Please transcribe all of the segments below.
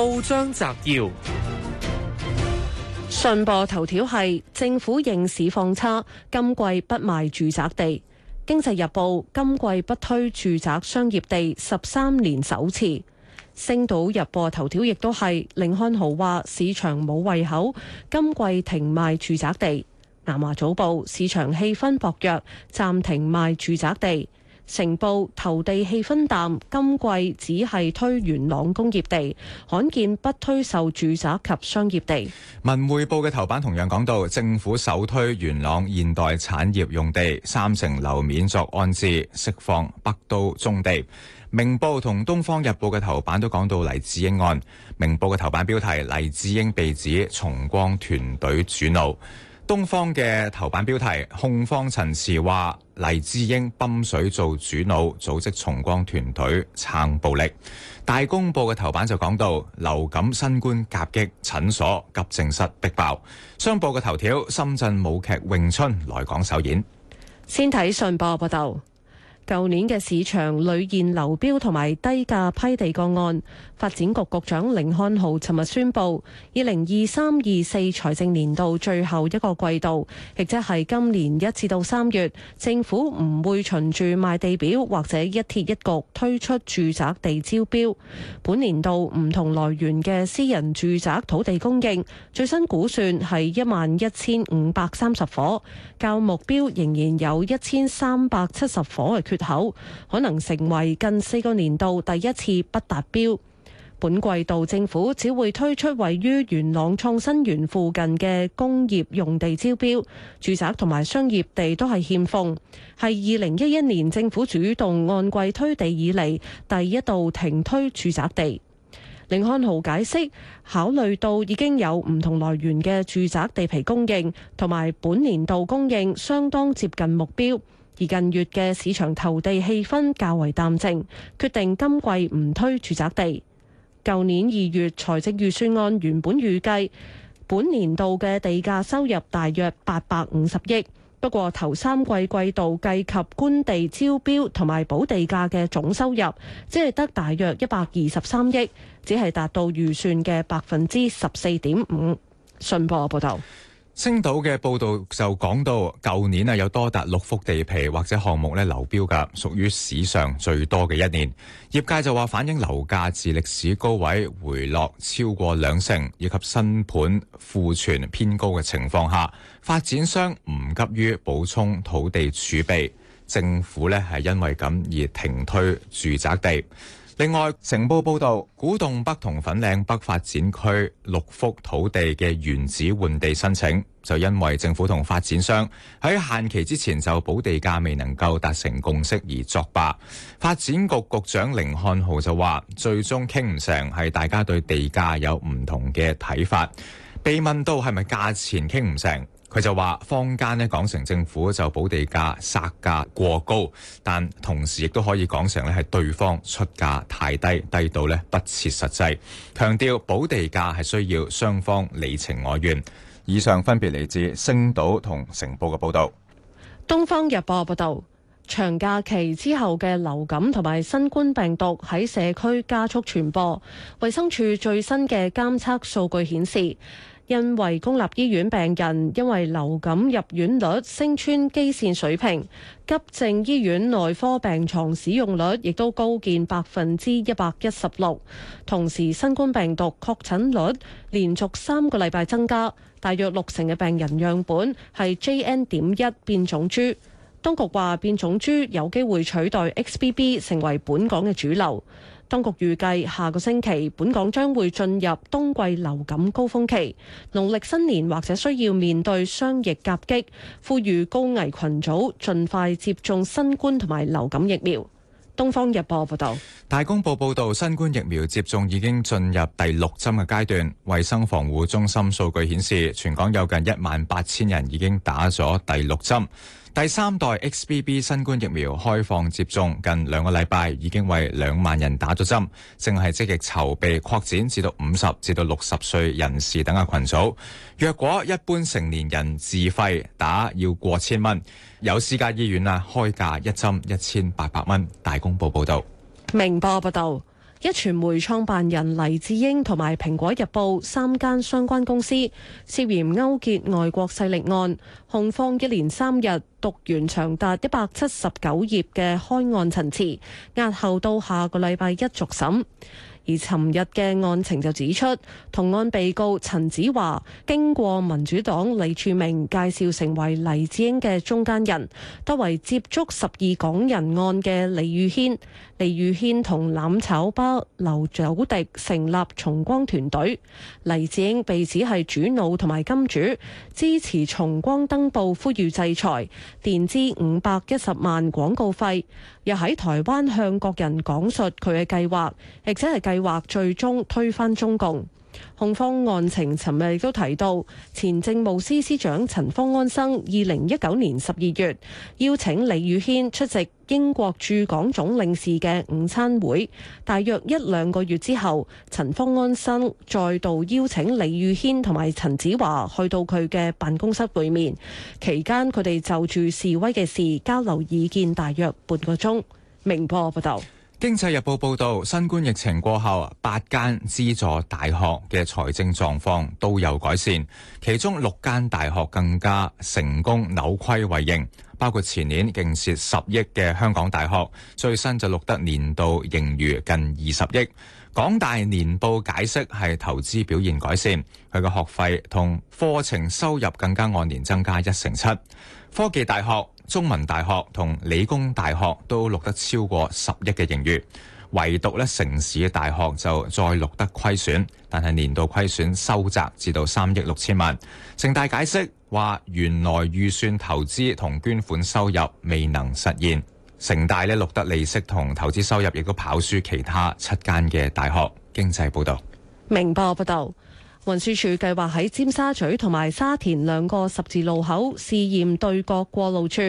報章摘要：信報頭條係政府認市況差，今季不賣住宅地。經濟日報，今季不推住宅商業地，十三年首次。星島日報頭條亦都係，林漢豪話市場冇胃口，今季停賣住宅地。南華早報，市場氣氛薄弱，暫停賣住宅地。城報投地氣氛淡，今季只係推元朗工業地，罕見不推售住宅及商業地。文匯報嘅頭版同樣講到，政府首推元朗現代產業用地，三成樓面作安置、釋放、北都棕地。明報同東方日報嘅頭版都講到黎智英案，明報嘅頭版標題黎智英被指重光團隊主腦。東方嘅頭版標題，控方陳詞話黎智英泵水做主腦，組織重光團隊撐暴力。大公報嘅頭版就講到流感新冠夾擊診所，急症室逼爆。商報嘅頭條，深圳舞劇詠春來港首演。先睇信報報道。舊年嘅市場屢現流標同埋低價批地個案，發展局局長甯漢豪尋日宣布，二零二三二四財政年度最後一個季度，亦即係今年一至到三月，政府唔會循住賣地表或者一鐵一局推出住宅地招標。本年度唔同來源嘅私人住宅土地供應，最新估算係一萬一千五百三十伙，較目標仍然有一千三百七十伙嘅缺口可能成為近四個年度第一次不達標。本季度政府只會推出位於元朗創新園附近嘅工業用地招標，住宅同埋商業地都係欠奉，係二零一一年政府主動按季推地以嚟，第一度停推住宅地。凌漢豪解釋，考慮到已經有唔同來源嘅住宅地皮供應，同埋本年度供應相當接近目標。而近月嘅市場投地氣氛較為淡靜，決定今季唔推住宅地。舊年二月財政預算案原本預計本年度嘅地價收入大約八百五十億，不過頭三季季度計及官地招標同埋補地價嘅總收入，只係得大約一百二十三億，只係達到預算嘅百分之十四點五。信報啊，報道。星島嘅報道就講到，舊年啊有多達六幅地皮或者項目咧流標噶，屬於史上最多嘅一年。業界就話反映樓價自歷史高位回落超過兩成，以及新盤庫存偏高嘅情況下，發展商唔急於補充土地儲備，政府呢係因為咁而停推住宅地。另外，成報報導，古洞北同粉嶺北發展區六幅土地嘅原址換地申請，就因為政府同發展商喺限期之前就補地價未能夠達成共識而作罷。發展局局長甯漢豪就話，最終傾唔成係大家對地價有唔同嘅睇法。被問到係咪價錢傾唔成，佢就話坊間咧講成政府就補地價殺價過高，但同時亦都可以講成咧係對方出價太低，低到咧不切實際。強調補地價係需要雙方你情我願。以上分別嚟自《星島》同《成報》嘅報導，《東方日報》報道。長假期之後嘅流感同埋新冠病毒喺社區加速傳播。衛生署最新嘅監測數據顯示，因為公立醫院病人因為流感入院率升穿基線水平，急症醫院內科病床使用率亦都高見百分之一百一十六。同時，新冠病毒確診率連續三個禮拜增加，大約六成嘅病人樣本係 JN 點一變種株。當局話變種株有機會取代 XBB 成為本港嘅主流。當局預計下個星期本港將會進入冬季流感高峰期。農曆新年或者需要面對雙疫夾擊，呼籲高危群組盡快接種新冠同埋流感疫苗。東方日報報道。大公報報道，新冠疫苗接種已經進入第六針嘅階段。衛生防護中心數據顯示，全港有近一萬八千人已經打咗第六針。第三代 XBB 新冠疫苗開放接種近兩個禮拜，已經為兩萬人打咗針，正係積極籌備擴展至到五十至到六十歲人士等嘅群組。若果一般成年人自費打要過千蚊，有私家醫院啦開價一針一千八百蚊。大公報報道，明報報道。一傳媒創辦人黎智英同埋《蘋果日報》三間相關公司涉嫌勾結外國勢力案，控方一連三日讀完長達一百七十九頁嘅開案陳詞，押後到下個禮拜一續審。而尋日嘅案情就指出，同案被告陳子華經過民主黨李柱銘介紹成為黎智英嘅中間人，多為接觸十二港人案嘅李宇軒。李宇軒同攬炒巴劉祖迪成立重光團隊，黎智英被指係主腦同埋金主，支持重光登報呼籲制裁，墊資五百一十萬廣告費，又喺台灣向國人講述佢嘅計劃，亦即係計計劃最終推翻中共。控方案情尋日亦都提到，前政務司司長陳方安生二零一九年十二月邀請李宇軒出席英國駐港總領事嘅午餐會，大約一兩個月之後，陳方安生再度邀請李宇軒同埋陳子華去到佢嘅辦公室會面，期間佢哋就住示威嘅事交流意見，大約半個鐘。明報報道。經濟日報報道，新冠疫情過後，八間資助大學嘅財政狀況都有改善，其中六間大學更加成功扭虧為盈，包括前年淨蝕十億嘅香港大學，最新就錄得年度盈餘近二十億。港大年報解釋係投資表現改善，佢嘅學費同課程收入更加按年增加一成七。科技大學中文大學同理工大學都錄得超過十億嘅盈餘，唯獨咧城市嘅大學就再錄得虧損，但係年度虧損收窄至到三億六千萬。城大解釋話，原來預算投資同捐款收入未能實現。城大咧錄得利息同投資收入，亦都跑輸其他七間嘅大學。經濟報道，明報報道。運輸署計劃喺尖沙咀同埋沙田兩個十字路口試驗對角過路處，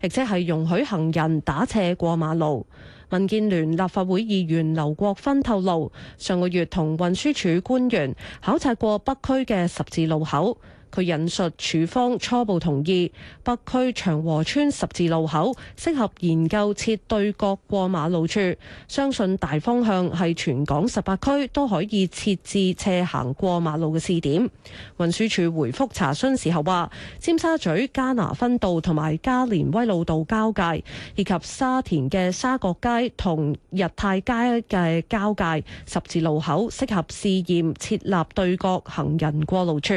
亦即係容許行人打斜過馬路。民建聯立法會議員劉國勳透露，上個月同運輸署官員考察過北區嘅十字路口。佢引述署方初步同意，北區長和村十字路口適合研究設對角過馬路處，相信大方向係全港十八區都可以設置斜行過馬路嘅試點。運輸署回覆查詢時候話，尖沙咀加拿芬道同埋加連威路道交界，以及沙田嘅沙角街同日泰街嘅交界十字路口，適合試驗設立對角行人過路處。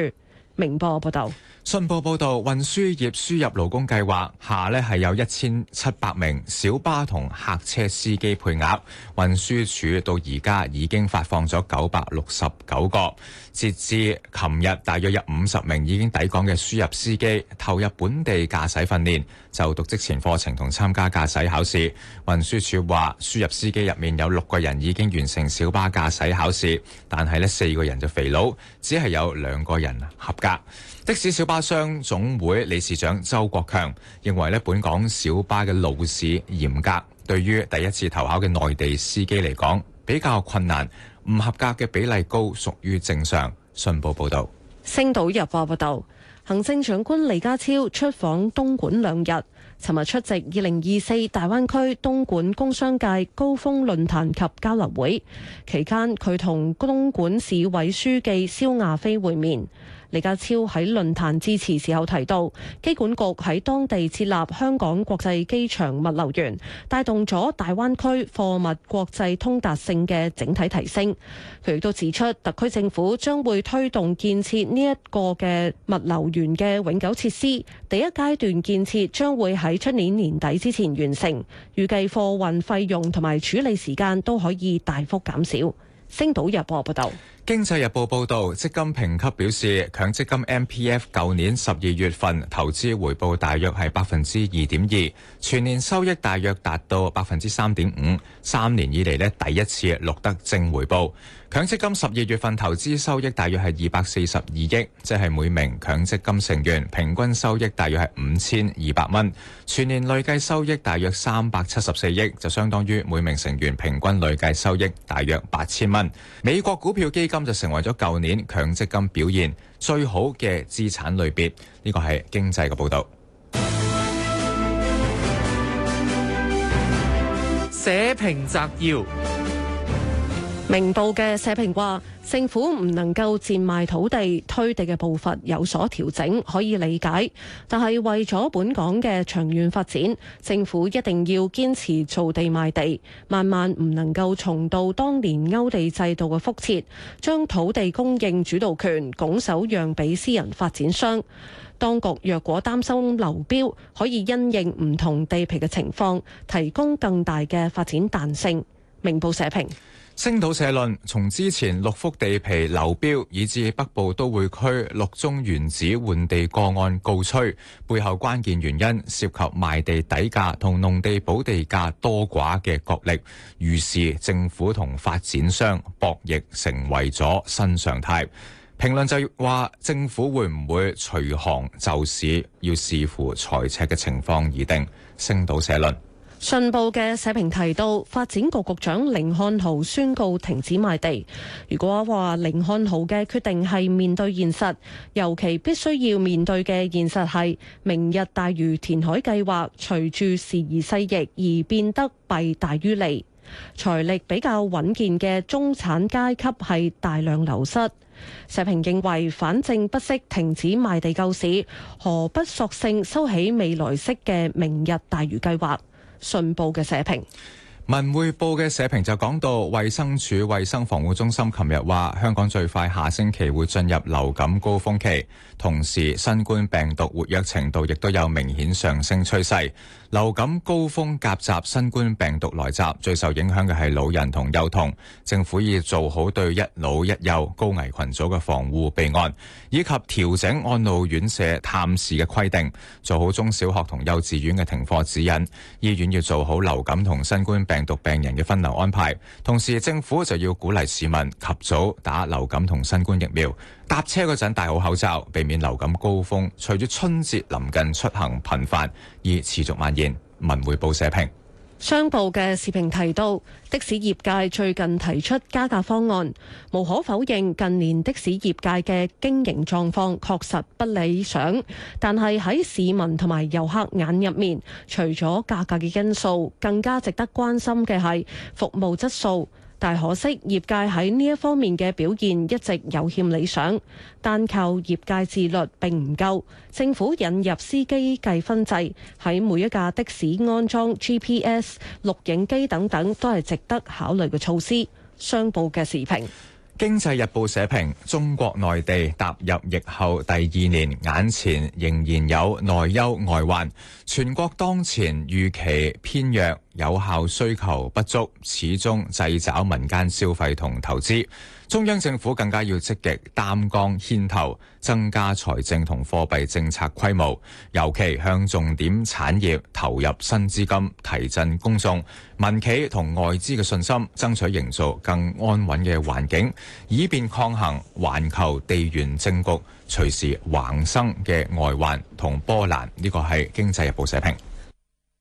明報報道。信報報導，運輸業輸入勞工計劃下呢係有一千七百名小巴同客車司機配額。運輸署到而家已經發放咗九百六十九個，截至琴日，大約有五十名已經抵港嘅輸入司機投入本地駕駛訓練，就讀職前課程同參加駕駛考試。運輸署話，輸入司機入面有六個人已經完成小巴駕駛考試，但係呢四個人就肥佬，只係有兩個人合格。的士小巴商總會理事長周國強認為呢，本港小巴嘅路試嚴格，對於第一次投考嘅內地司機嚟講比較困難，唔合格嘅比例高，屬於正常。信報報道。星島日報報道，行政長官李家超出訪東莞兩日，尋日出席二零二四大灣區東莞工商界高峰論壇及交流會，期間佢同東莞市委書記肖亞非會面。李家超喺論壇致辭時候提到，機管局喺當地設立香港國際機場物流園，帶動咗大灣區貨物國際通達性嘅整體提升。佢亦都指出，特區政府將會推動建設呢一個嘅物流園嘅永久設施，第一階段建設將會喺出年年底之前完成，預計貨運費用同埋處理時間都可以大幅減少。星島日報報道。經濟日報報道，積金評級表示，強積金 MPF 舊年十二月份投資回報大約係百分之二點二，全年收益大約達到百分之三點五，三年以嚟呢第一次錄得正回報。強積金十二月份投資收益大約係二百四十二億，即係每名強積金成員平均收益大約係五千二百蚊，全年累計收益大約三百七十四億，就相當於每名成員平均累計收益大約八千蚊。美國股票基金今就成為咗舊年強積金表現最好嘅資產類別，呢個係經濟嘅報道。社評摘要。明報嘅社評話，政府唔能夠賤賣土地，推地嘅步伐有所調整，可以理解。但係為咗本港嘅長遠發展，政府一定要堅持造地賣地，萬萬唔能夠重蹈當年勾地制度嘅覆轍，將土地供應主導權拱手讓俾私人發展商。當局若果擔心流標，可以因應唔同地皮嘅情況，提供更大嘅發展彈性。明報社評。星島社論：從之前六幅地皮流標，以至北部都會區六宗原址換地個案告吹，背後關鍵原因涉及賣地底價同農地補地價多寡嘅角力，於是政府同發展商博弈成為咗新常態。評論就話政府會唔會隨行就市，要視乎財赤嘅情況而定。星島社論。信報嘅社評提到，發展局局長甯漢豪宣告停止賣地。如果話甯漢豪嘅決定係面對現實，尤其必須要面對嘅現實係明日大嶼填海計劃隨住時而勢易而變得弊大於利，財力比較穩健嘅中產階級係大量流失。社評認為，反正不惜停止賣地救市，何不索性收起未來式嘅明日大嶼計劃？信報嘅社評。文匯報嘅社評就講到，衛生署衛生防護中心琴日話，香港最快下星期會進入流感高峰期，同時新冠病毒活躍程度亦都有明顯上升趨勢。流感高峰夾雜新冠病毒來襲，最受影響嘅係老人同幼童。政府要做好對一老一幼高危群組嘅防護備案，以及調整安老院舍探視嘅規定，做好中小學同幼稚園嘅停課指引。醫院要做好流感同新冠病毒，病毒病人嘅分流安排，同時政府就要鼓勵市民及早打流感同新冠疫苗，搭車嗰陣戴好口罩，避免流感高峰，隨住春節臨近，出行頻繁，而持續蔓延。文匯報社評。商報嘅視頻提到，的士業界最近提出加價方案，無可否認，近年的士業界嘅經營狀況確實不理想。但係喺市民同埋遊客眼入面，除咗價格嘅因素，更加值得關心嘅係服務質素。但可惜，業界喺呢一方面嘅表現一直有欠理想，單靠業界自律並唔夠，政府引入司機計分制，喺每一架的士安裝 GPS 錄影機等等，都係值得考慮嘅措施。商報嘅時評，《經濟日報》社評：中國內地踏入疫後第二年，眼前仍然有內憂外患，全國當前預期偏弱。有效需求不足，始終制找民間消費同投資。中央政府更加要積極擔綱牽頭增加財政同貨幣政策規模，尤其向重點產業投入新資金，提振公眾、民企同外資嘅信心，爭取營造更安穩嘅環境，以便抗衡環球地緣政局隨時橫生嘅外患同波瀾。呢個係經濟日報社評。